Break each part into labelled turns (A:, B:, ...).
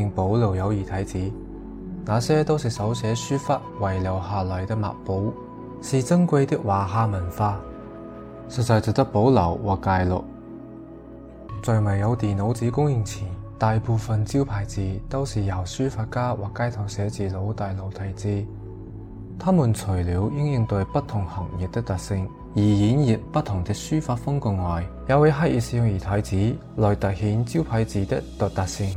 A: 並保留有異體字，那些都是手寫書法遺留下來的墨寶，是珍貴的華夏文化，實在值得保留或記錄。在未有電腦字供應前，大部分招牌字都是由書法家或街頭寫字佬大老體字。他們除了應應對不同行業的特性而演繹不同的書法風格外，也會刻意使用異體字來凸顯招牌字的獨特性。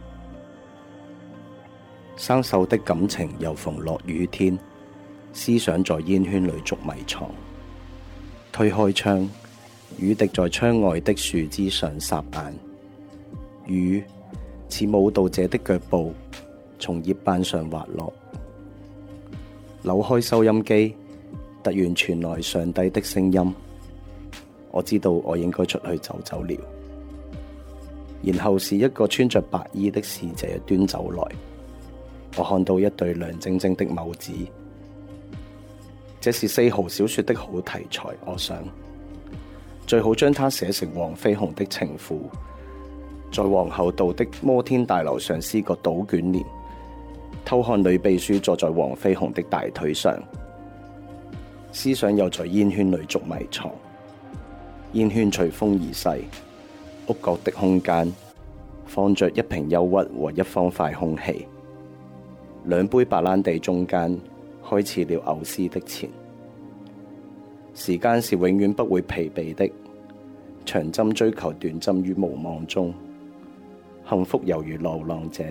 B: 生鏽的感情又逢落雨天，思想在煙圈裏捉迷藏。推開窗，雨滴在窗外的樹枝上撒鹽。雨似舞蹈者的腳步，從葉瓣上滑落。扭開收音機，突然傳來上帝的聲音。我知道我應該出去走走了。然後是一個穿着白衣的侍者端走來。我看到一對亮晶晶的眸子，這是四號小說的好題材。我想最好將它寫成黃飛鴻的情婦，在皇后道的摩天大樓上施個倒捲簾，偷看女秘書坐在黃飛鴻的大腿上，思想又在煙圈裏捉迷藏。煙圈隨風而逝，屋角的空間放着一瓶憂鬱和一方塊空氣。兩杯白蘭地中間開始了藕絲的前，時間是永遠不會疲憊的，長針追求短針於無望中，幸福猶如流浪者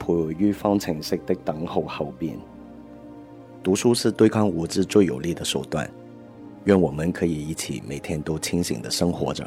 B: 徘徊於方程式的等號後邊。讀書是對抗無知最有力的手段，願我們可以一起每天都清醒的生活着。